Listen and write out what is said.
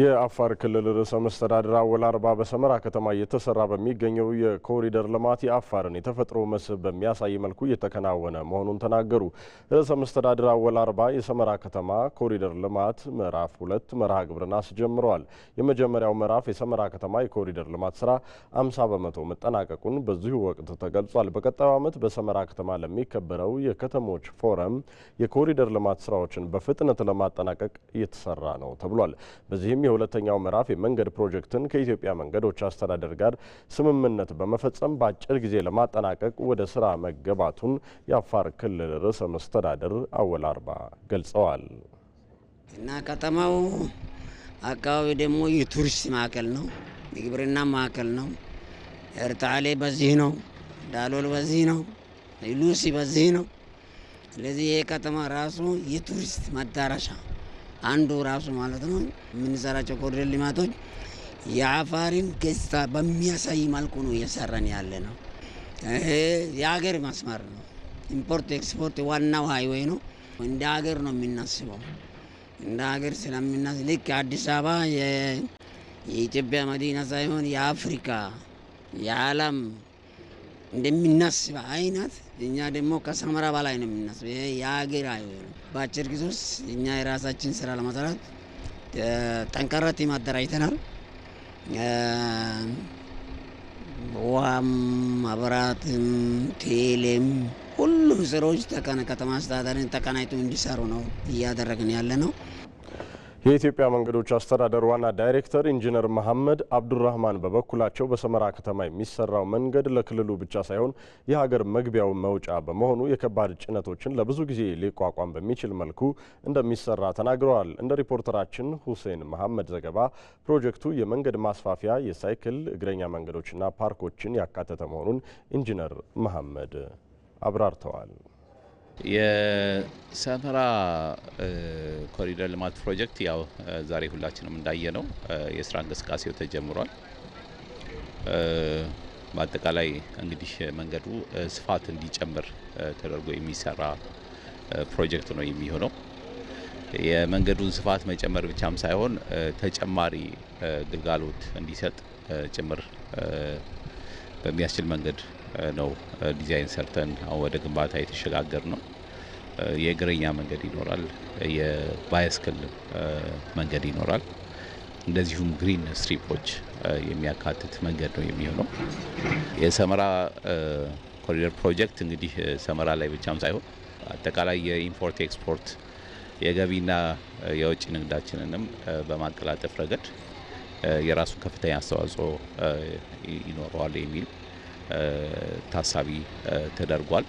የአፋር ክልል ርዕሰ መስተዳድር አወል አርባ በሰመራ ከተማ እየተሰራ በሚገኘው የኮሪደር ልማት የአፋርን የተፈጥሮ መስህብ በሚያሳይ መልኩ እየተከናወነ መሆኑን ተናገሩ። ርዕሰ መስተዳድር አወል አርባ የሰመራ ከተማ ኮሪደር ልማት ምዕራፍ ሁለት መርሃ ግብርን አስጀምረዋል። የመጀመሪያው ምዕራፍ የሰመራ ከተማ የኮሪደር ልማት ስራ 50 በመቶ መጠናቀቁን በዚሁ ወቅት ተገልጿል። በቀጣዩ ዓመት በሰመራ ከተማ ለሚከበረው የከተሞች ፎረም የኮሪደር ልማት ስራዎችን በፍጥነት ለማጠናቀቅ እየተሰራ ነው ተብሏል። በዚህም በተለይም የሁለተኛው ምዕራፍ የመንገድ ፕሮጀክትን ከኢትዮጵያ መንገዶች አስተዳደር ጋር ስምምነት በመፈጸም በአጭር ጊዜ ለማጠናቀቅ ወደ ስራ መገባቱን የአፋር ክልል ርዕሰ መስተዳደር አወል አርባ ገልጸዋል። እና ከተማው አካባቢ ደግሞ የቱሪስት ማዕከል ነው፣ የግብርና ማዕከል ነው። ኤርታሌ በዚህ ነው፣ ዳሎል በዚህ ነው፣ ሉሲ በዚህ ነው። ስለዚህ ይሄ ከተማ ራሱ የቱሪስት መዳረሻ አንዱ ራሱ ማለት ነው የምንሰራቸው ኮሪደር ልማቶች የአፋርን ገጽታ በሚያሳይ መልኩ ነው እየሰራን ያለ ነው። የሀገር መስመር ነው። ኢምፖርት ኤክስፖርት ዋናው ሀይዌይ ነው። እንደ ሀገር ነው የምናስበው። እንደ ሀገር ስለምናስ ልክ አዲስ አበባ የኢትዮጵያ መዲና ሳይሆን የአፍሪካ የዓለም እንደሚናስብ አይነት እኛ ደግሞ ከሰመራ በላይ ነው የምናስብ። ይሄ የሀገር በአጭር ጊዜ ውስጥ እኛ የራሳችን ስራ ለመስራት ጠንካራ ቲም አደራጅተናል። ውሃም፣ መብራትም፣ ቴሌም ሁሉም ስራዎች ከተማ አስተዳደርን ተቀናይቶ እንዲሰሩ ነው እያደረግን ያለ ነው። የኢትዮጵያ መንገዶች አስተዳደር ዋና ዳይሬክተር ኢንጂነር መሐመድ አብዱራህማን በበኩላቸው በሰመራ ከተማ የሚሰራው መንገድ ለክልሉ ብቻ ሳይሆን የሀገር መግቢያው መውጫ በመሆኑ የከባድ ጭነቶችን ለብዙ ጊዜ ሊቋቋም በሚችል መልኩ እንደሚሰራ ተናግረዋል። እንደ ሪፖርተራችን ሁሴን መሐመድ ዘገባ ፕሮጀክቱ የመንገድ ማስፋፊያ፣ የሳይክል እግረኛ መንገዶችና ፓርኮችን ያካተተ መሆኑን ኢንጂነር መሐመድ አብራርተዋል። የሰመራ ኮሪደር ልማት ፕሮጀክት ያው ዛሬ ሁላችንም እንዳየ ነው የስራ እንቅስቃሴው ተጀምሯል። በአጠቃላይ እንግዲህ መንገዱ ስፋት እንዲጨምር ተደርጎ የሚሰራ ፕሮጀክት ነው የሚሆነው። የመንገዱን ስፋት መጨመር ብቻም ሳይሆን ተጨማሪ ግልጋሎት እንዲሰጥ ጭምር በሚያስችል መንገድ ነው ዲዛይን ሰርተን አሁን ወደ ግንባታ የተሸጋገር ነው። የእግረኛ መንገድ ይኖራል፣ የባይስክል መንገድ ይኖራል፣ እንደዚሁም ግሪን ስትሪፖች የሚያካትት መንገድ ነው የሚሆነው። የሰመራ ኮሪደር ፕሮጀክት እንግዲህ ሰመራ ላይ ብቻም ሳይሆን አጠቃላይ የኢምፖርት ኤክስፖርት የገቢና የውጭ ንግዳችንንም በማቀላጠፍ ረገድ የራሱ ከፍተኛ አስተዋጽኦ ይኖረዋል የሚል ታሳቢ ተደርጓል።